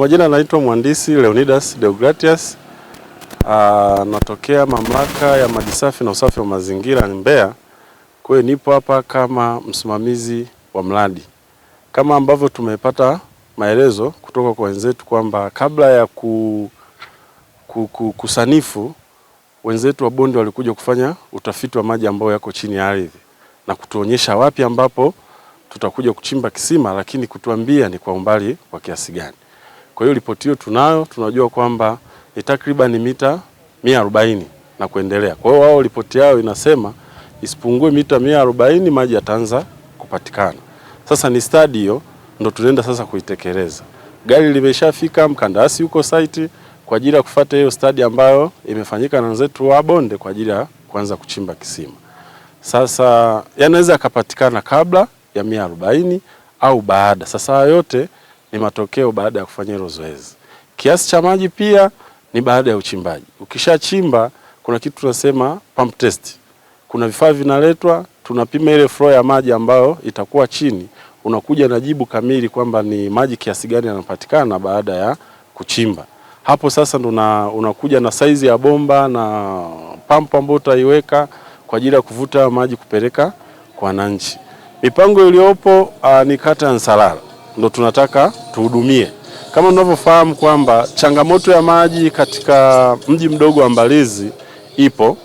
Majina anaitwa Mhandisi Leonidas Deogratias. anatokea ah, natokea mamlaka ya maji safi na usafi wa mazingira Mbeya. Kwa hiyo nipo hapa kama msimamizi wa mradi, kama ambavyo tumepata maelezo kutoka kwa wenzetu kwamba kabla ya ku, ku, ku, kusanifu wenzetu wa bondi walikuja kufanya utafiti wa maji ambayo yako chini ya ardhi na kutuonyesha wapi ambapo tutakuja kuchimba kisima, lakini kutuambia ni kwa umbali wa kiasi gani. Kwa hiyo ripoti hiyo tunayo, tunajua kwamba ni takriban mita 140 na kuendelea. Kwa hiyo wao ripoti yao inasema isipungue mita 140 maji yataanza kupatikana. Sasa ni stadi hiyo ndo tunaenda sasa kuitekeleza. Gari limeshafika, mkandarasi yuko site kwa ajili ya kufuata hiyo stadi ambayo imefanyika na wenzetu wa bonde kwa ajili ya kuanza kuchimba kisima. Sasa yanaweza yakapatikana kabla ya 140 au baada. Sasa yote ni matokeo baada ya kufanya hilo zoezi. Kiasi cha maji pia ni baada ya uchimbaji. Ukishachimba kuna kitu tunasema pump test. Kuna vifaa vinaletwa, tunapima ile flow ya maji ambayo itakuwa chini, unakuja na jibu kamili kwamba ni maji kiasi gani yanapatikana baada ya kuchimba. Hapo sasa ndo unakuja na saizi ya bomba na pump ambayo utaiweka kwa ajili ya kuvuta maji kupeleka kwa wananchi. Mipango iliyopo ah, ni kata ya Nsalala ndo tunataka tuhudumie. Kama mnavyofahamu kwamba changamoto ya maji katika mji mdogo wa Mbalizi ipo,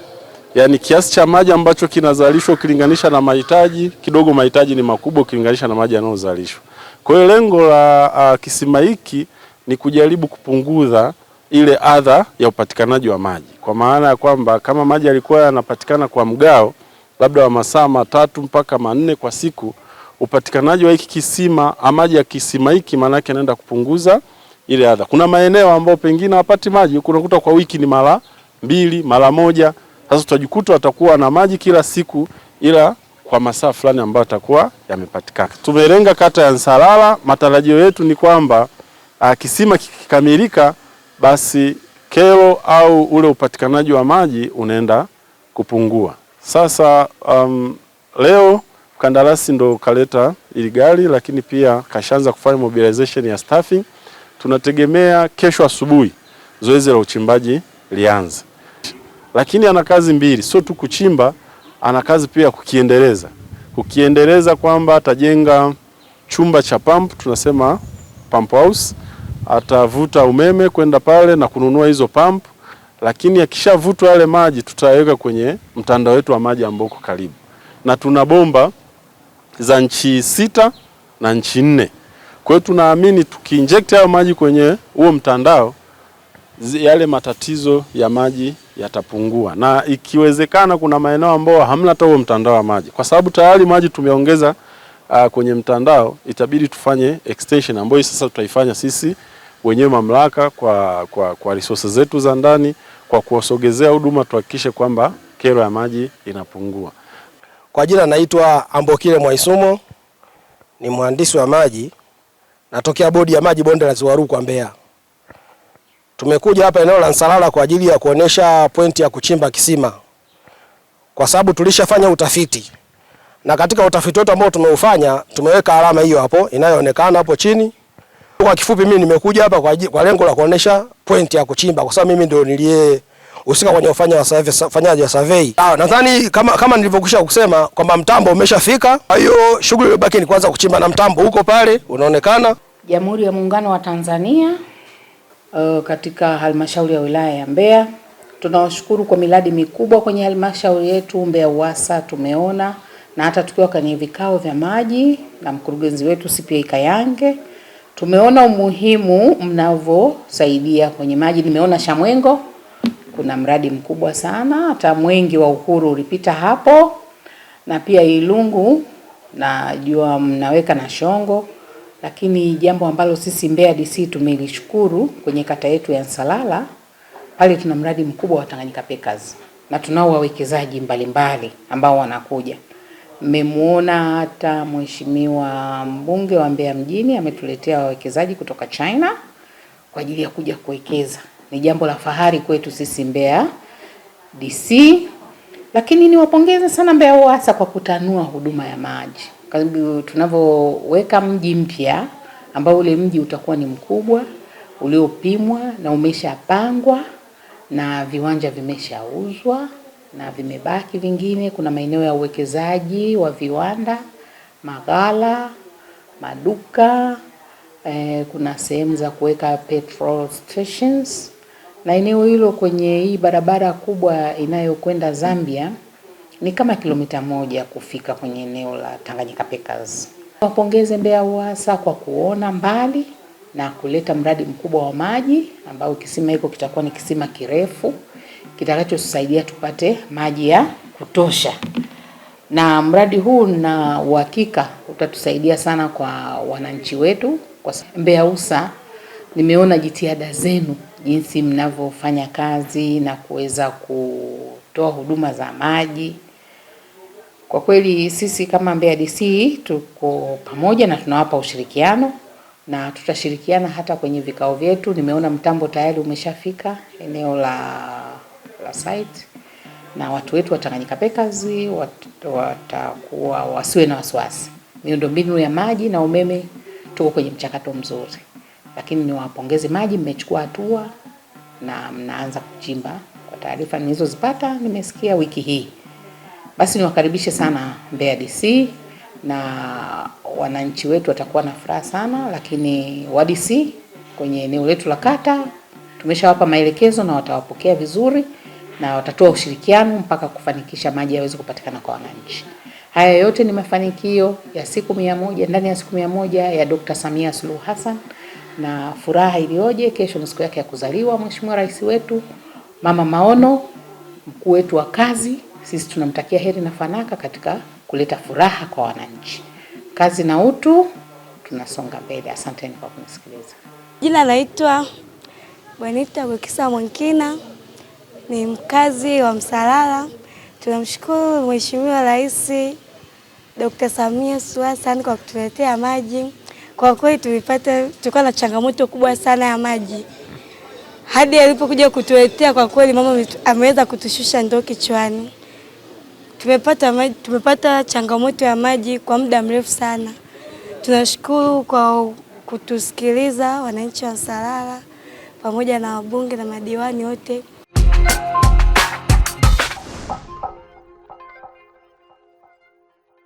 yaani kiasi cha maji ambacho kinazalishwa ukilinganisha na mahitaji kidogo, mahitaji ni makubwa ukilinganisha na maji yanayozalishwa. Kwa hiyo lengo la uh, kisima hiki ni kujaribu kupunguza ile adha ya upatikanaji wa maji, kwa maana ya kwamba kama maji yalikuwa yanapatikana kwa mgao labda wa masaa matatu mpaka manne kwa siku upatikanaji wa hiki kisima amaji ya kisima hiki maana yake anaenda kupunguza ile adha. Kuna maeneo ambayo pengine hapati maji, kunakuta kwa wiki ni mara mbili mara moja. Sasa tutajikuta atakuwa na maji kila siku, ila kwa masaa fulani ambayo atakuwa yamepatikana. Tumelenga kata ya Nsalala, matarajio yetu ni kwamba ah, kisima kikikamilika, basi kero au ule upatikanaji wa maji unaenda kupungua. Sasa um, leo Mkandarasi ndo kaleta ili gari, lakini pia kashaanza kufanya mobilization ya staffing. Tunategemea kesho asubuhi zoezi la uchimbaji lianze, lakini ana kazi mbili, sio tu kuchimba, ana kazi pia kukiendeleza. Kukiendeleza kwamba atajenga chumba cha pump, tunasema pump house, atavuta umeme kwenda pale na kununua hizo pump, lakini akishavutwa yale maji tutaweka kwenye mtandao wetu wa maji ambao uko karibu na tuna bomba za nchi sita na nchi nne. Kwa hiyo tunaamini tukiinject hayo maji kwenye huo mtandao yale matatizo ya maji yatapungua, na ikiwezekana, kuna maeneo ambayo hamna hata huo mtandao wa maji, kwa sababu tayari maji tumeongeza uh, kwenye mtandao, itabidi tufanye extension ambayo sasa tutaifanya sisi wenyewe mamlaka kwa, kwa, kwa resources zetu za ndani, kwa kuwasogezea huduma, tuhakikishe kwamba kero ya maji inapungua. Kwa jina naitwa Ambokile Mwaisumo, ni mhandisi wa maji, natokea bodi ya maji bonde la Ziwa Rukwa Mbeya. Tumekuja hapa eneo la Nsalala kwa ajili ya kuonesha pointi ya kuchimba kisima, kwa sababu tulishafanya utafiti na katika utafiti wetu ambao tumeufanya tumeweka alama hiyo hapo inayoonekana hapo chini. Kwa kifupi, mimi nimekuja hapa kwa, kwa lengo la kuonesha pointi ya kuchimba kwa sababu mimi ndio nilie usika kwenye ufanya wa survey, fanyaji wa survey. Ah, nadhani kama, kama nilivyokwisha kusema kwamba mtambo umeshafika, kwa hiyo shughuli iliyobaki ni kuanza kuchimba na mtambo huko pale unaonekana. Jamhuri ya Muungano wa Tanzania uh, katika halmashauri ya wilaya ya Mbeya tunawashukuru kwa miradi mikubwa kwenye halmashauri yetu Mbeya UWASA tumeona, na hata tukiwa kwenye vikao vya maji na mkurugenzi wetu CPA Kayange tumeona umuhimu mnavyosaidia kwenye maji. Nimeona Shamwengo kuna mradi mkubwa sana, hata mwengi wa Uhuru ulipita hapo, na pia Ilungu najua mnaweka na Shongo, lakini jambo ambalo sisi Mbeya DC tumelishukuru kwenye kata yetu ya Nsalala pale, tuna mradi mkubwa wa Tanganyika Packers na tunao wawekezaji mbalimbali ambao wanakuja. Mmemuona hata mheshimiwa mbunge wa Mbeya mjini ametuletea wawekezaji kutoka China kwa ajili ya kuja kuwekeza ni jambo la fahari kwetu sisi Mbeya DC, lakini niwapongeze sana Mbeya Uwasa kwa kutanua huduma ya maji. Karibu tunavyoweka mji mpya ambao ule mji utakuwa ni mkubwa uliopimwa na umeshapangwa na viwanja vimeshauzwa na vimebaki vingine. Kuna maeneo ya uwekezaji wa viwanda, maghala, maduka eh, kuna sehemu za kuweka petrol stations na eneo hilo kwenye hii barabara kubwa inayokwenda Zambia ni kama kilomita moja kufika kwenye eneo la Tanganyika Packers. Wapongeze Mbeya Uwasa kwa kuona mbali na kuleta mradi mkubwa wa maji ambao kisima hiko kitakuwa ni kisima kirefu kitakachosaidia tupate maji ya kutosha, na mradi huu na uhakika utatusaidia sana kwa wananchi wetu. Kwa Mbeya Uwasa, nimeona jitihada zenu jinsi mnavyofanya kazi na kuweza kutoa huduma za maji. Kwa kweli sisi kama Mbeya DC tuko pamoja na tunawapa ushirikiano na tutashirikiana hata kwenye vikao vyetu. Nimeona mtambo tayari umeshafika eneo la, la site na watu wetu wa Tanganyika Packers watakuwa wasiwe na wasiwasi. Miundombinu ya maji na umeme tuko kwenye mchakato mzuri lakini niwapongeze maji, mmechukua hatua na mnaanza kuchimba. Kwa taarifa nilizozipata nimesikia wiki hii. Basi niwakaribishe sana Mbeya DC na wananchi wetu watakuwa na furaha sana, lakini DC kwenye eneo letu la kata tumeshawapa maelekezo na watawapokea vizuri na watatoa ushirikiano mpaka kufanikisha maji yaweze kupatikana kwa wananchi. Haya yote ni mafanikio ya siku mia moja ndani ya siku mia moja ya Dr. Samia Suluhu Hassan na furaha iliyoje! Kesho ni siku yake ya kuzaliwa Mheshimiwa Rais wetu Mama Maono, mkuu wetu wa kazi. Sisi tunamtakia heri na fanaka katika kuleta furaha kwa wananchi. Kazi na utu, tunasonga mbele. Asanteni kwa kunisikiliza. Jina naitwa Bwanita Gwekisa Mwankina, ni mkazi wa Msalala. Tunamshukuru Mheshimiwa Rais Dr. Samia Suluhu Hassan kwa kutuletea maji kwa kweli tulipata, tulikuwa na changamoto kubwa sana ya maji hadi alipokuja kutuletea, kwa kweli mama ameweza kutushusha ndoo kichwani. Tumepata maji, tumepata changamoto ya maji kwa muda mrefu sana. Tunashukuru kwa kutusikiliza wananchi wa Salala pamoja na wabunge na madiwani wote.